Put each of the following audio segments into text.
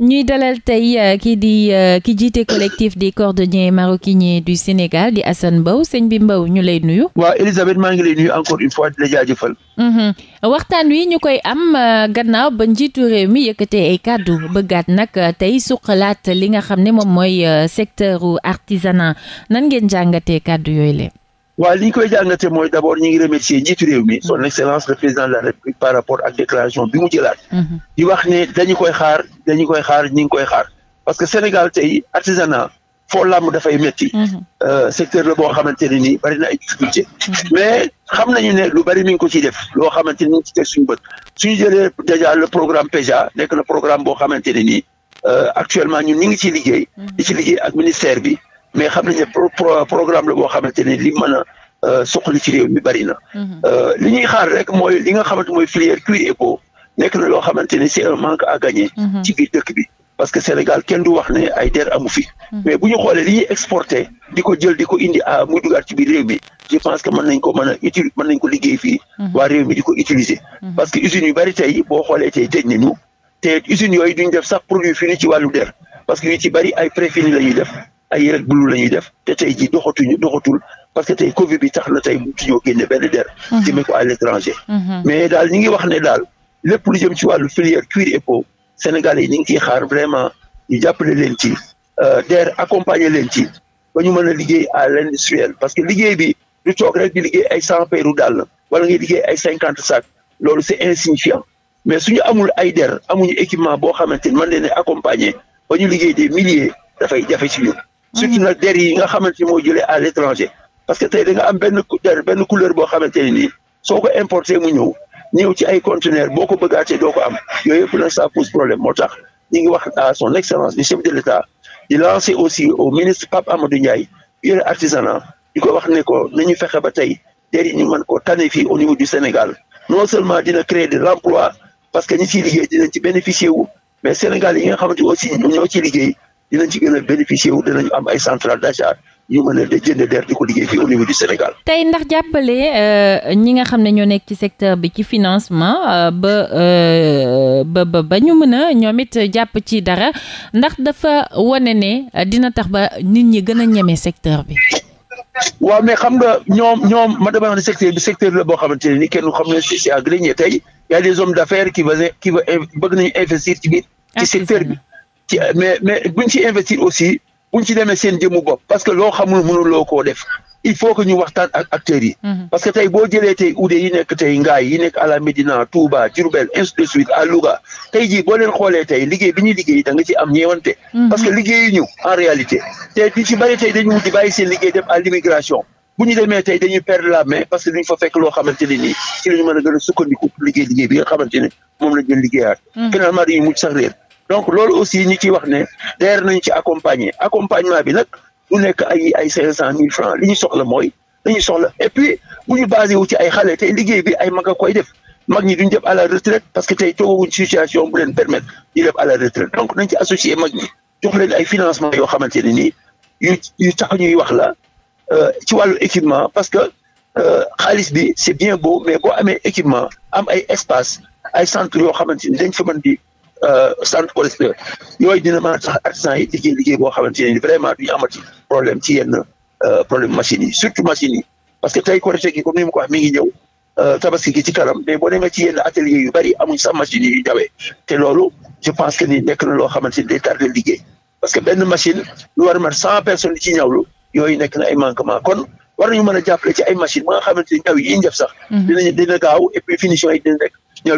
ñuy dalal tey euh, kii di euh, ki jiite collectif des cordonniers maroquiniers du Sénégal di Assane Mbaw sëñ bi Mbaw ñu lay nuyu. waaw Elisabeth maa ngi lay nuyu encore une fois la jaajëfal. Mhm. waxtaan wi ñu koy am euh, gannaaw ba njiitu réew mi yëkkatee ay kàddu bëggaat nag tey suqalaat li nga xam ne moom mooy secteur artisanat nan ngeen jàngatee kàddu yooyu leen. waa li ñu koy jàngate mooy d' abord ñu ngi remercier njiitu réew mi son excellence le président de la république par rapport ak déclaration bi mu jëlaat mm-hmm. di wax ne dañu koy xaar dañu koy xaar ñu ngi koy xaar parce que Sénégal tey artisanat foo làmb dafay métti mm-hmm. euh, secteur la boo xamante ne nii bari na mm-hmm. mais xam nañu ne lu bari mi ngi ko ciy def loo xamante ni ñu ngi ci teg suñu bët suñu jëlee déjà le programme PEJA nekk na programme boo xamante ne nii euh, actuellement ñun ñu ngi ciy bi mais xam nañu ne programme la Euh, soxli ci réew mi bari na. Mhm. Euh, li ñuy xaar rek mooy li nga xamante mooy filière cuir éco nekk na loo xamante ne c'est un manque à gagner. Mhm. ci biir dëkk bi parce que Sénégal kenn du wax ne ay der amu fi. Mhm. mais bu ñu xoolee li ñuy exporté di ko jël di ko indi à muy dugaat ci biir réew mi je pense que mën nañ ko mën a utili mën nañ ko liggéey fii. waa réew mi di ko utiliser. parce que usines yu bari tey boo xoolee tey tëj nañu te usines yooyu duñ def sax produit fini ci wàllu der parce que yu ci bari la ñuy def. ay rek bulu la ñuy def te tey ji doxatuñu doxatul parce que tey Covid bi tax na tey mu ñoo génne benn der. Mhm. jëmee ko à mhm. mais daal ñi ngi wax ne daal lépp lu jëm ci wàllu filière cuir et peau Sénégalais yi ñu ngi ciy xaar vraiment ñu jàppale leen ci euh, der accompagner leen ci ba ñu mën a liggéey à l'industriel parce que liggéey bi du toog rek di liggéey ay cent paires daal wala ngay liggéey ay cinquante sacs loolu c'est insignifiant mais suñu amul ay der amuñu équipement boo xamante ni mën leen accompagner ñu liggéey des milliers dafay jafe ci surtout nag der yi nga xamante moo jëlee à l'étranger parce que tey da nga am benn benn couleur boo xamante ne nii soo ko importé mu ñëw ñëw ci ay conteneur boo ko bëggaatee doo ko am yooyu yëpp nag ça pose problème moo tax ñu ngi wax à son excellence du chef de l'État di lancer aussi au ministre Pape Amadou Ndiaye yore artisanat di ko wax ne ko ñu fexe ba tey der yi ñu mën ko tane fii au niveau du Sénégal non seulement dina créer de l'emploi parce que ñi ciy liggéey ci bénéficier wu mais Sénégal yi nga xamante aussi ñoo ciy liggéey dinañ ci gën a bénéficier wu dinañ am ay centrale d'achat ñu mën a jënd der di ko liggéey fii au niveau du Sénégal. tey ndax jàppale euh, ñi nga xam ne ñoo nekk ci secteur bi ci financement euh, euh, ba ba ba ñu mën a ñoom it jàpp ci dara ndax dafa wane ne dina tax ba nit ñi gën a ñeme secteur bi. waaw mais xam nga ñoom ñoom ma dama ne secteur bi secteur la boo xamante ne ni kenn xam ne c'est à grenier tey y a des hommes d'affaires qui veulent bëgg nañu investir ci biir. ci secteur bi. ci mais mais buñ ci investir aussi buñ ci demee seen jëmu bopp parce que loo xamul mënuloo koo def il faut que ñu waxtaan ak acteurs yi. Mhm. parce que tey boo jëlee tey ude yi nekk tey Ngaay yi nekk à la Médina Touba Diourbel ainsi de suite à Louga tey jii boo leen xoolee tey liggéey bi ñuy liggéey da ci am ñeewante. Mhm. parce que liggéeyi en réalité. tey di ci bëri tey dañu di seen liggéey dem à l'immigration bu ñu demee tey dañuy perdre la main parce que duñ fa fekk ñu mën a donc loolu aussi ñi ciy wax ne DER nañ ci accompagner accompagnement bi nag du nekk ay ay cinq cent mille francs li ñu soxla mooy dañuy soxla et puis bu ñu basé wu ci ay xale te liggéey bi ay mag a koy def mag ñi duñ def à la retraite parce que tey toogaguñ situation bu leen permettre ñu def à la retraite donc nañ ci associé mag ñi jox leen ay financement yoo xamante ne nii yu yu tax ñuy wax la euh, ci wàllu équipement parce que euh, xaalis bi c'est bien beau mais boo amee équipement am ay espace ay centre yoo xamante ni dañ fa mën centre euh, commercial yooyu dina mën a tax artisan yi liggéey liggéey boo xamante ne vraiment du ñu amati problème ci yenn euh, problème machines yi surtout machines yi parce que tey Korité gi comme ni ma ko wax mi ngi ñëw. Euh, tabaski gi ci kanam mais boo nee nga ci yenn atelier yu bari amuñ sax machine yu dawee te loolu je pense que ni nekk na loo xamante ni day liggéey parce que benn machine lu war a mat cent personnes yi ci ñawlu yooyu nekk ay manquement kon war nañu mën ci ay machine ba nga ñaw yi ñuy sax mhm. dina gaaw et puis finition yi dina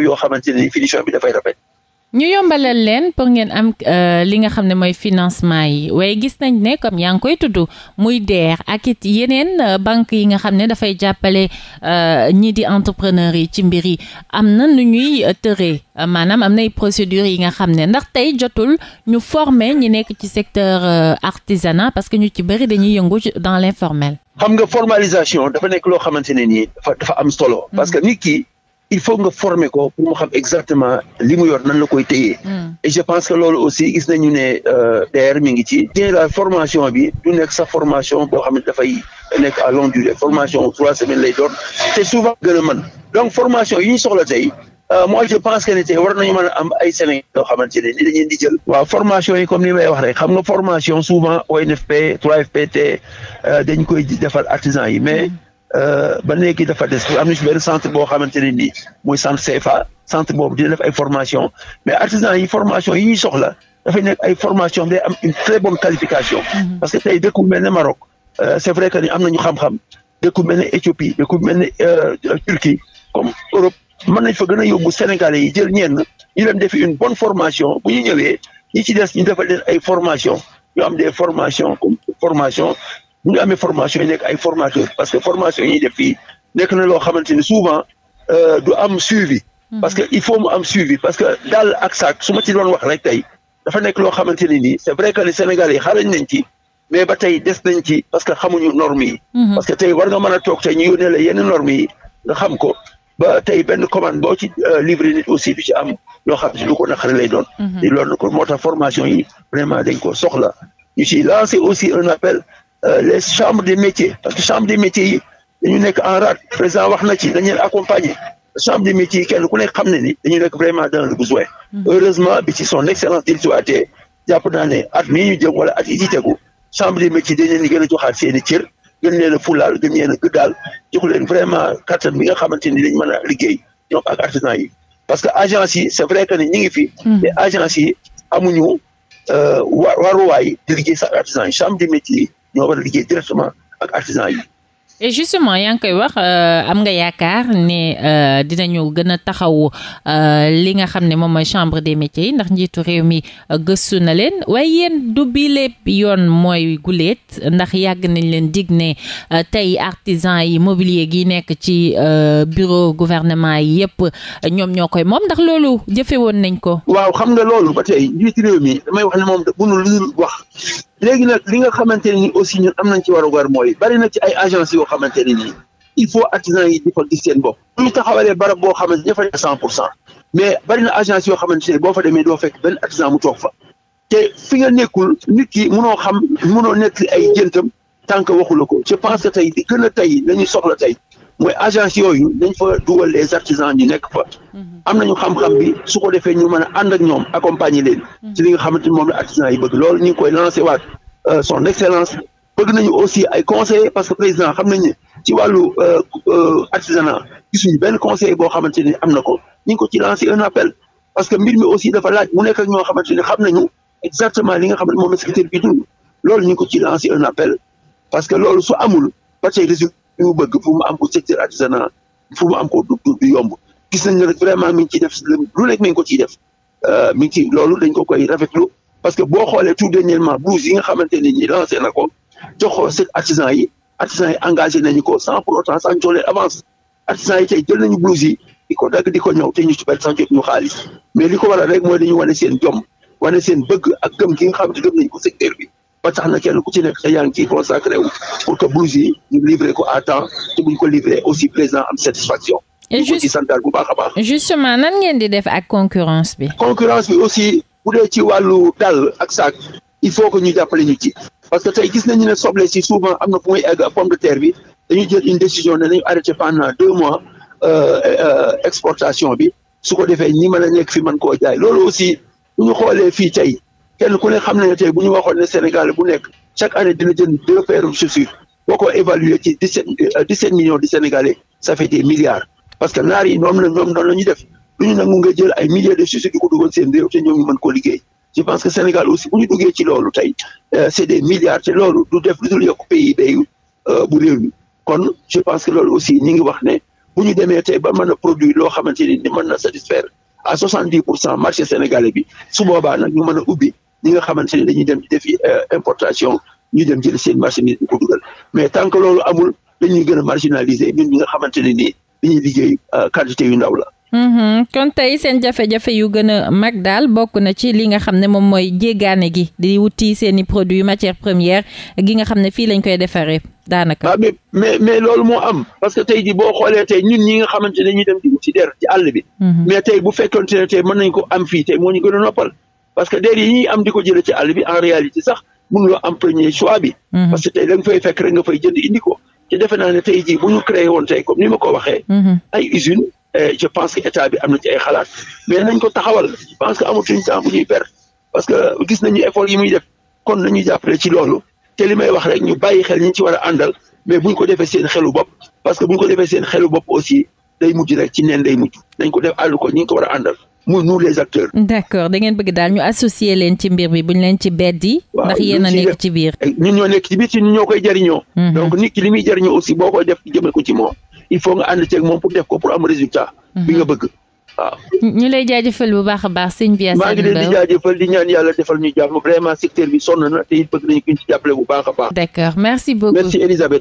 yoo xamante ni finition bi dafay ñu yombalal leen pour ngeen am euh, li nga xam ne mooy financement yi waaye gis nañ ne comme yaa ngi koy tudd muy DER ak it yeneen euh, banque yi nga xam ne dafay jàppale euh, ñii di entrepreneur yi ci mbir yi am na nu ñuy tëree maanaam am nay procédures yi nga xam ne ndax tey jotul ñu former ñu nekk ci secteur artisanat parce que ñu ci bëri dañuy yëngu dans l'informel. xam nga formalisation dafa nekk loo xamante ne nii dafa am solo. parce que mm-hmm. nit ki il faut nga former ko pour mu xam exactement li mu yor nan la koy téye. Hmm. je pense que loolu aussi gis nañu ne euh, DR mi ngi ci. tey daal formation bi du nekk sa formation boo xam ne dafay nekk a longue durée formation trois semaines lay doon te souvent gën a mën donc formation yi ñu soxla tey. Euh, moi je pense que ne tey war nañu mën a am ay Sénégal yoo xamante ne ni dañuy di jël. waaw formation yi comme ni may wax rek xam nga formation souvent ONFP 3FPT euh, dañ Euh, ba léegi dafa des am na si benn centre boo xamante ne nii muy centre CFA centre boobu dina def ay formation mais artisan yi formation yi ñuy soxla dafay nekk ay formation day am une très bonne mm-hmm. parce que tey dëkk bu mel ne Maroc euh, que ni am nañu xam-xam dëkk bu mel ne Éthiopie dëkk bu mel euh, Turquie comme Europe mën nañ fa gën a yóbbu Sénégalais yi jël ñenn ñu leen def une bonne formation bu ñu ñëwee ñi ci des ñu defal leen ay formation yoo am des formations comme formation bu ñu amee formation yi nekk ay formateurs parce que formation yi def fii nekk na loo xamante ni souvent euh, du am suivi. Mhm. parce que il faut mu am suivi parce que daal ak saak su ma ci doon wax rek tey dafa nekk loo xamante ne nii c'est vrai que les Sénégalais a nañ ci mais ba tey des nañ ci parce que xamuñu normes yi. Mhm. parce que tey war nga mën a toog tey ñu yónnee la yenn normes yi nga xam ko ba tey benn commande boo ci euh, livré nit aussi du ci am loo xam ne lu ko naqare lay doon. te mhm. loolu Euh, les chambres de métiers parce que chambre de métiers yi dañu nekk en rade président wax na ci dañu accompagner chambre des métiers yi kenn ku nekk xam ne ni dañu nekk vraiment dans le besoin mmh. heureusement bi ci son excellence di suwaatee jàpp naa ne at mii ñu jëm wala at yi ci tegu chambre des métiers dañ leen gën a joxaat seen i cër gën leen a fulaal gën a gëddaal jox leen vraiment kattan bi nga xamante ni dañ mën a liggéey ñoom ak artisan yi parce que agence yi c'est vrai que ni ñu ngi fi mmh. mais agence yi amuñu euh, waruwaay di liggéey sax artisan yi chambre des yi ñoo war a liggéey directement ak artisan yi. et justement yaa ngi koy wax euh, am nga yaakaar ne euh, dinañu gën a taxawu euh, li nga xam ne moom mooy chambre des métier yi ndax njiitu réew mi gëstu na leen waaye yéen du bi yoon mooy guleet ndax yàgg nañ leen dig ne tey artisan yi mobilier gi nekk ci bureau gouvernement yi yëpp ñoom ñoo koy moom ndax loolu jëfe woon nañ ko. waaw xam nga loolu ba tey njiitu réew mi damay wax ne moom mënul lu wax. léegi nag li nga xamante ne ni aussi ñun am nañ ci warugar mooy bari na ci ay agence yoo xamante ni nii il faut artisan yi di fa gis seen bopp ñu taxawalee barab boo xamante ña fa ne cent pour cent mais bari agence yoo xamante ne boo fa demee doo fekk benn artisan mu toog fa te fi nga nekkul nit ki munoo xam munoo nekk ay jëntam tant que waxula ko je pense que tey di gën a tey la ñuy soxla tey mooy agence yooyu dañ fa dugal les artisans ñu nekk fa mhm. am nañu xam-xam bi su ko defee ñu mën a ànd ñoom accompagner leen mhm. ci li nga xamante ni moom la artisans yi bëgg loolu ñu ngi koy lancé waat euh, son excellence bëgg nañu aussi ay conseillers parce que président xam nañu ci wàllu euh, euh, artisanat suñ benn conseiller boo xamante ni am na ko ñu ngi ko ci lancé un appel parce que mbir mi aussi dafa laaj mu nekk ak ñoo xamante ni xam nañu exactement li nga xamante moom la secrétaire bi dund loolu ñu ko ci lancé un appel parce que loolu su amul ba tey bi mu bëgg pour mu am ko secteur artisanal pour mu am ko du yomb gis nañ ne rek vraiment mi ngi ciy def lu nekk mi ngi ko ciy def euh, mi ngi ci loolu dañ ko koy lu parce que boo xoolee tout dernièrement blouse yi nga xamante ne nii lancé na ko jox ko seen artisan yi artisan yi engagé nañu ko sans pour autant sans jox leen avance artisan yi tey jël nañu blouse yi di ko dagg di ko ñëw te ñu ci bari sans ñu xaalis mais li ko waral rek mooy dañu wane seen jom wane seen bëgg ak gëm gi nga xamante gëm nañu ko secteur bi ba tax na kenn ku ci nekk yaa ngi ciy consacré wu pour que blouse yi ñu livré ko à temps te buñ ko livré aussi président am satisfaction. et juste santal bu baax a baax. justement nan ngeen di def ak concurrence bi. concurrence bi aussi bu dee ci wàllu dàll ak saak il faut que ñu jàppale ñu ci parce que tey gis nañu ne soble si souvent am na fu muy egg pomme de terre bi dañu jël une décision ne nañu arrêté pendant deux mois euh, euh, exportation bi su ko defee ñi mën a nekk fi mën koo jaay loolu aussi bu ñu xoolee fii tey kenn ku xam na tey bu ñu waxoon ne Sénégal bu nekk chaque année dina jënd deux paires de chaussures boo ko évaluer ci dix sept euh, dix sept millions de Sénégalais ça milliards parce que naar yi ñoom la ñoom noonu la ñuy def lu ñu nangu nga jël ay milliers de chaussures di ko dugal seen réew te ñoom ñu mën koo liggéey je pense que Sénégal aussi bu ñu ci loolu tey euh, c'est des milliards te loolu du def lu dul yokk pays bayu euh, bu kon je pense que loolu aussi ñi ngi wax ne bu ñu demee tey ba mën a produire loo xamante ni mën na satisfaire à soixante dix pour cent marché sénégalais su boobaa nag ñu mën a ubbi ñi nga xamante ne dañuy dem di defi euh, importation ñu dem jël seen marchandise bu ko mais tant que loolu amul dañuy gën a marginaliser ñun ñi nga xamante ni nii dañuy liggéey euh, quantité yu ndaw la. Mm-hmm. kon tey seen jafe-jafe yu gën a mag daal bokk na ci li nga xam ne moom mooy jéggaane gi di wuti seen i produits matière première gi nga xam ne fii lañ koy defaree daanaka. waaw ah, mais mais loolu moo am parce que tey ji boo xoolee tey ñun ñi nga xamante ne ñu dem di wuti der ci àll mm-hmm. bu fekkonte ne mën nañ ko am fii tey ñu gën a noppal. parce que der yi ñuy am di ko jëlee ci àll bi en réalité sax mënuloo am premier choix bi. Mhm. parce que tey da nga fay fekk nga fay jënd indi te defe naa ne tey jii bu ñu créé woon tey comme ma ko waxee. Mhm. ay usines eh, je pense que état bi am na ci ay xalaat mais nañ ko taxawal je pense que amatuñ temps bu ñuy perdre parce que gis nañu effort yi muy def kon na ñu jàppale ci loolu te li may wax rek ñu bàyyi xel ñu ci war a àndal mais buñ ko defee seen xelu bopp parce que buñ ko seen xelu bopp aussi. day mujj rek ci neen day mujj dañ ko def àll ko ñi ngi ko war a àndal muy nous les acteurs. d'accord bëgg daal ñu associer leen ci mbir bi buñ leen ci beddi. waaw ndax a nekk ci biir. ñun ñoo nekk ci biir ci ñoo koy jariñoo. Mhm. donc nit ki li aussi boo koy def jëmee ko ci moom. il faut nga ceeg moom pour def ko pour am résultat. bi mhm. nga bëgg ñu lay jaajëfal bu baax a baax sëñ bi. maa ngi leen di jaajëfal bi sonn te it bëgg nañu ko ñu bu baax a baax. d'accord